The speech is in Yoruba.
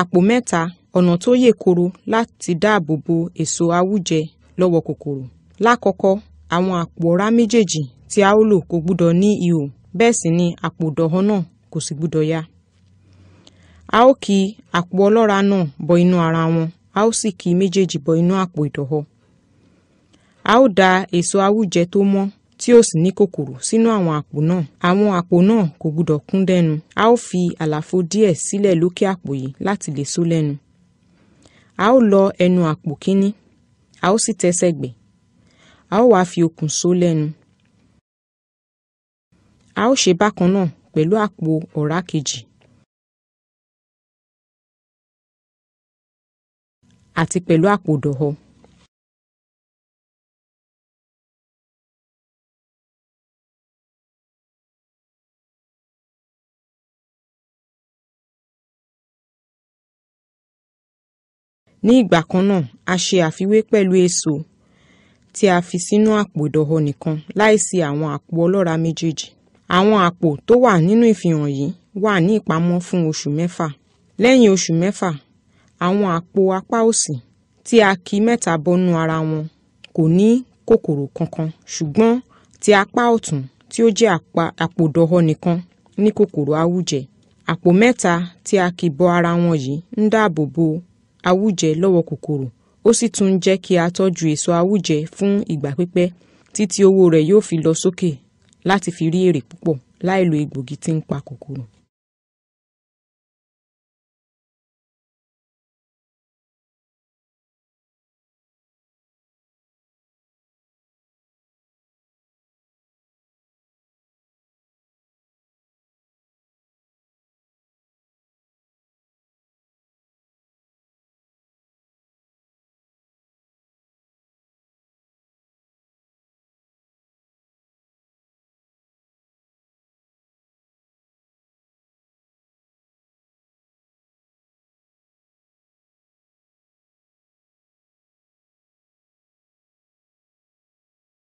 àpò mẹ́ta ọ̀nà tó yè koro láti dáàbò bo èso àwùjẹ lọ́wọ́ kòkòrò lákọ̀ọ́kọ́ àwọn àpò ọ̀rá méjèèjì tí a ó lò kò gbúdọ̀ ní ihò bẹ́ẹ̀ sì ni àpò ìdọ̀họ́ náà kò sì gbúdọ̀ ya a ó ki àpò ọlọ́ra náà bọ inú ara wọn a ó sì ki méjèèjì bọ inú àpò ìdọ̀họ́ a ó da èso àwùjẹ tó mọ́ tí ó sì ní kòkòrò sínú àwọn àpò náà àwọn àpò náà kò gbúdọ̀ kún dẹ́nu a ó fi àlàfo díẹ̀ sílẹ̀ lókè àpò yìí láti lè só lẹ́nu a ó lọ ẹnu àpò kíní a ó sì tẹ́sẹ̀ gbẹ̀ a ó wáá fi okùn só lẹ́nu a ó ṣe bákan náà pẹ̀lú àpò ọ̀rá kejì àti pẹ̀lú àpò dọ̀họ. Ní ìgbà kan náà, a ṣe àfiwé pẹ̀lú èso tí a fi sínú àpò ìdọ̀ọ̀họ̀ nìkan láìsí àwọn àpò ọlọ́ràá méjèèjì. Àwọn àpò tó wà nínú ìfihàn yìí wà ní ìpamọ́ fún oṣù mẹ́fà. Lẹ́yìn oṣù mẹ́fà, àwọn àpò apá òsì tí a ki mẹ́ta bọnú ara wọn kò ní kòkòrò kankan ṣùgbọ́n ti apá ọ̀tún tí ó jẹ́ àpò ìdọ̀ọ̀họ̀ nìkan ní kòkòrò àwùjẹ. Àpò mẹ́ta tí a kì bọ ara wọn yìí ń dáàbò bo awújẹ lọ́wọ́ kòkòrò ó sì tún ń jẹ́ kí a tọ́jú èso awújẹ fún ìgbà pípẹ́ títí owó rẹ̀ yóò fi lọ sókè láti fi rí èrè púpọ̀ láìlo egbògi tí ń pa kòkòrò.